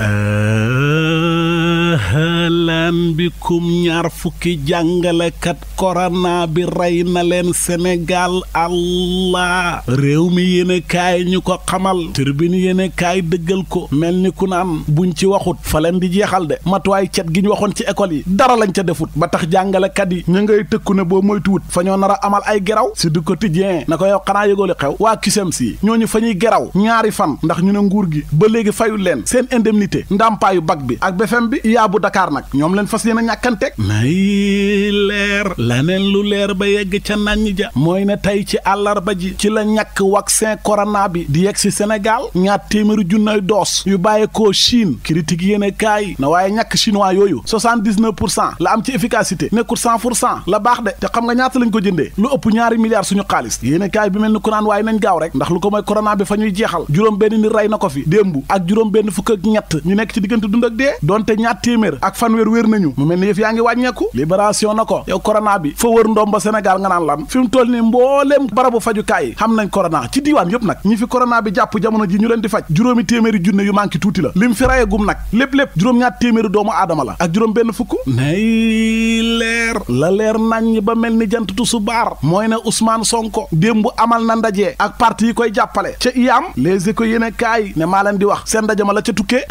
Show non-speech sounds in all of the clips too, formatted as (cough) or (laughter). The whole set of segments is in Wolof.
Uh, halaan bikum ñaar fukki jàngalekat korona bi rey na leen Sénégal allah réew mi yéen kaay ñu ko xamal turbine yéen kaay dëggal ko mel ni ku naan buñ ci waxut fa leen di jeexal de matuwaay cet gi ñu waxoon ci école yi dara lañ ca defut ba tax jàngalekat yi ñu ngay tëkku ne boo moytuwut fa ñoo nar a amal ay geraw si du quotidien na ko yow xanaa yëgooli xew waa kisam si ñooñu fa ñuy geraw ñaari fan ndax ñu ne nguur gi ba léegi fayul leen seen indemnité ndàmpaayu bag bu Dakar nag ñoom leen fas yéen a nay leer laneen lu leer ba yegg ca nañ ja mooy ne tey ci àllarba ji ci la ñàkk vaccin corona bi di yegg si Sénégal ñaar téeméeri junnay doos yu bàyyi koo Chine critique yéene kaay na waaye ñàkk chinois yooyu 79 pour cent la am ci efficacité nekkul pour cent la baax de te xam nga ñaata lañ ko jëndee lu ëpp ñaari milliards suñu xaalis yéene kaay bi mel ni ku naan waaye nañ gaaw rek ndax lu ko mooy corona bi fa ñuy jeexal juróom na ko fi démb ak benn fukk ak ñett ñu nekk ci diggante dund ak dee téeméer ak fanweer wér nañu mu mel ni yëf yaa ngi wàññeeku libération na ko yow corona bi fa wër ndoom ba Sénégal nga naan lan fi mu toll ni mbooleem barabu fajukaay yi xam nañ corona ci diiwaan yëpp nag ñi fi corona bi jàpp jamono ji ñu leen di faj juróomi téeméeri junne yu manqué tuuti la lim fi rayegum nag lépp-lépp juróom-ñaar téeméeri doomu aadama la ak juróom benn fukk nay leer la leer nañ ba mel ni janttu su baar mooy ne Ousmane Sonko démb amal na ndaje ak parti yi koy jàppale ca iyaam les éco yéen kaay ne di wax seen ndaje ma la ca tukkee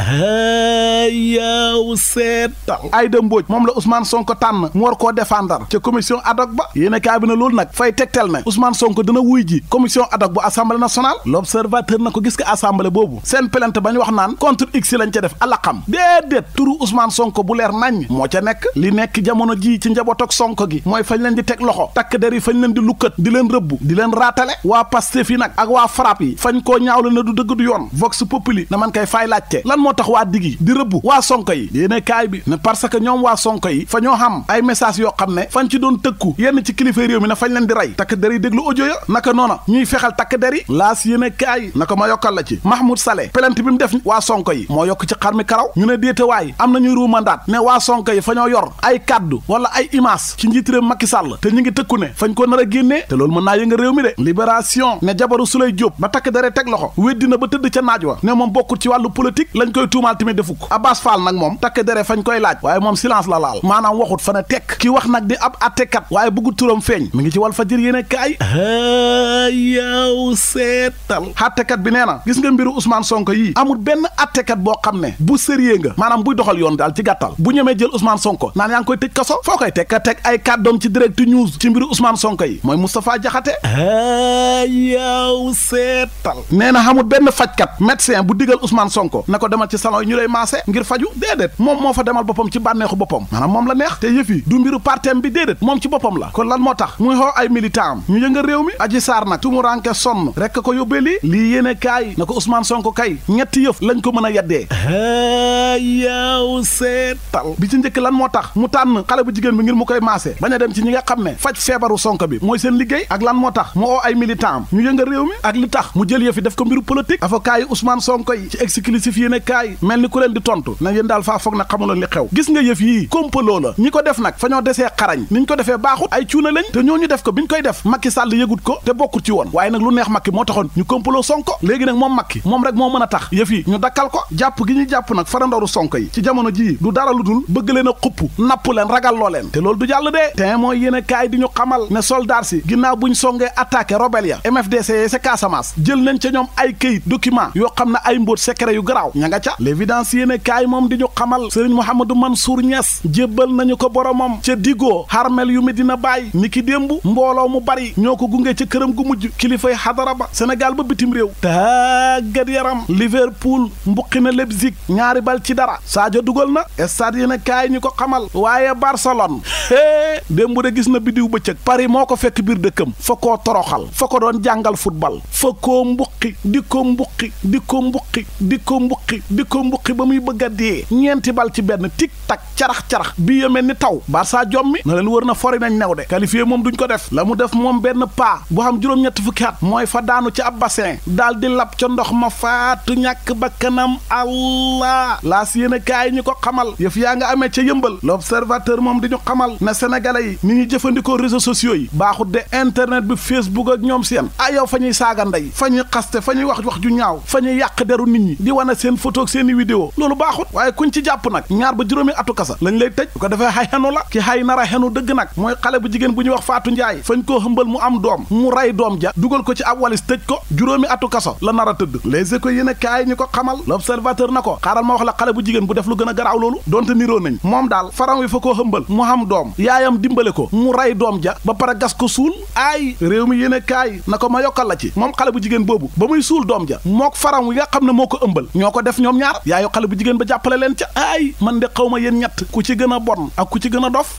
seetal Aïda Mbodj moom la Ousmane Sonko tànn mu war koo défendre ca commission ad hoc ba yéen a kaay bi na loolu nag fay tegtal ne Ousmane Sonko dina wuy ji commission ad bu assemblée nationale l'observateur na ko gis nga assemblée boobu seen plainte bañ wax naan contre x lañ ca def alaqam déedéet turu Ousmane Sonko bu leer nañ moo ca nekk li nekk jamono jii ci njaboot sonk gi mooy fañ leen di teg loxo takk der yi fañ leen di lukkat di leen rëbb di leen raatale waa Pastef yi nag ak waa frappe yi fañ koo ñaawle na du dëgg du yoon vox populi na man kay fay lan moo tax waa kaay bi ne parce que ñoom waa Sonko yi fa ñoo xam ay message yoo xam ne fañ ci doon tëkku yenn ci kilifa réew mi na fañ leen di rey takk der yi déglu audio naka noona ñuy fexal takk der yi laas yéene kaay naka ma yokkal la ci Mahmoud Saleh pelante bi mu def waa Sonko yi moo yokk ci xar mi karaw ñu ne déetawaay am nañuy ruu mandaat ne waa Sonko yi fa ñoo yor ay kaddu wala ay image ci njiit réew Macky te ñu ngi tëkku ne fañ ko nar a génnee te loolu mën naa yëngal réew mi de libération ne jabaru Souley Diop ba takk dere teg loxo fañ koy laaj waaye moom silance la laal maanaam waxut fana tekk ki wax nag di ab attekat waaye bëggu turam feeñ mu ngi ci wal fajir yéen kaay yow seetal attekat bi nee na gis nga mbiru usmaan Sonko yi amul benn attekat boo xam ne bu sérieux nga maanaam buy doxal yoon daal ci gàttal bu ñemee jël Ousmane Sonko naan yaa ngi koy tëj kaso foo koy teg ka teg ay kàddoom ci direct news ci mbiru usmaan Sonko yi mooy Moustapha Diakhaté yow seetal nee na amul benn fajkat médecin bu digal Ousmane Sonko na ko demal ci salon ñu lay maase ngir faju moo fa demal boppam ci bànneexu boppam maanaam moom la neex te yëf yi du mbiru partem bi déedéet moom ci boppam la kon lan moo tax muy xoo ay militant am ñu yëngal réew mi aji saar nag tumuranke sonn rek ko yóbbee lii lii yéene kaay na ko Ousmane Sonko kay ñetti yëf lañ ko mën a yeddee yaaw seetal bi ci njëkk lan moo tax mu tànn xale bu jigéen bi ngir mu koy maase bañ dem ci ñi xam ne faj feebaru Sonko bi mooy seen liggéey ak lan moo tax mu oo ay ñu yëngal réew mi ak li tax mu jël yëf def ko mbiru politique avocat yi Ousmane Sonko yi ci exclusif yéene kaay mel ni ku leen di tontu na yéen daal faa foog na xamuloon li xew gis nga yëf yii kompaloo la ñi ko def nag fa ñoo desee xarañ niñ ko defee baaxut ay cuuna lañ te ñoo ñu def ko bi ñu koy def Macky Sall yëgut ko te bokkut ci woon waaye nag lu neex Macky moo taxoon ñu kompaloo Sonko léegi nag moom Macky moom rek moo mën a tax yëf yi ñu dakkal ko jàpp gi ñu jàpp nag farandaru Sonko yi ci jamono jii du dara lu dul bëgg leen a xupp napp leen ragal loo leen te loolu du jàll dee te mooy yéen a kaay di ñu xamal ne soldat ginnaaw buñ songee attaqué rebelle ya MFDC yi jël nañ ca ñoom ay këyit document yoo xam ne ay mbóot secret yu garaaw ña nga ca l'évidence yéen a kaay moom di ñu xamal sëriñ Mouhamadou Mansour Niass jébbal nañu ko boromam ca digoo xarmel yu Medina Baay ki démb mbooloo mu bari ñoo ko gunge ca këram gu mujj kilifay xadara ba Sénégal ba bitim réew tàggat yaram Liverpool mbuqi na Leipzig ñaari bal ci dara Sadio dugal na stade yéen a kaay ñu ko xamal waaye Barcelone (laughs) hee démb de gis na bidiw bëccëg Paris moo ko fekk biir dëkkam fa koo toroxal fa ko doon jàngal football fa koo di ko mbuqi di ko mbuqi di ko mbuqi di ko mbuqi ba muy bëgg dee ñeenti bal dal ci benn tic tac carax-carax bii ya mel ni taw Barça jommi na leen wër na fori nañ new de qualifié moom duñ ko def la mu def moom benn paa bu xam juróom-ñett fukki at mooy fa daanu ci ab bassin daal di lab ca ndox ma faatu ñàkk kanam allah laas yéen a kaay ñu ko xamal yëf yaa nga amee ca yëmbal l'observateur moom di ñu xamal na sénégalais yi ni ñuy jëfandikoo réseau sociaux yi baaxut de internet bi facebook ak ñoom seen ah yow fa ñuy saaga ndey fa ñuy xaste fa ñuy wax wax ju ñaaw fa ñuy yàq deru nit ñi di wane seen photo nag ñaar ba juróomi atu kasa lañ lay tëj bu ko defee xay xenu la ki xay nar a xenu dëgg nag mooy xale bu jigéen bu ñuy wax Faatu Njaay fañ koo xëmbal mu am doom mu rey doom ja dugal ko ci ab walis tëj ko juróomi atu kaso la nar a tëdd les écoles yéen a kaay ñu ko xamal l'observateur na ko xaaral ma wax la xale bu jigéen bu def lu gën a garaaw loolu donte niroo nañ moom daal faram wi fa koo xëmbal mu am doom yaayam dimbale ko mu rey doom ja ba pare gas ko suul aay réew mi a kaay na ko ma yokkal la ci moom bu ba muy suul doom ja mook faram wi nga xam ne moo ko ëmbal ñoo ko def ñoom ñaar yaayu xale bu yi man de xaw ma yéen ñett ku ci gën a bon ak ku ci gën a dof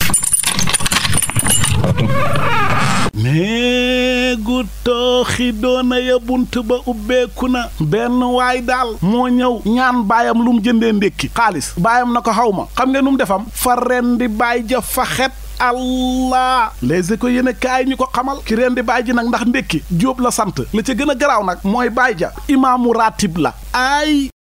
néegu tooxi doona ya bunt ba ubbeeku na benn waay daal moo ñëw ñaan baayam lu mu jëndee ndékki xaalis baayam na ko xaw ma xam nga nu mu defam fa ren di baay ja fa xet allah les éco yéen a kaay ñu ko xamal ki reen baay ji nag ndax ndékki jóob la sant li ca gën a garaaw nag mooy baay ja imaamu ratib la ay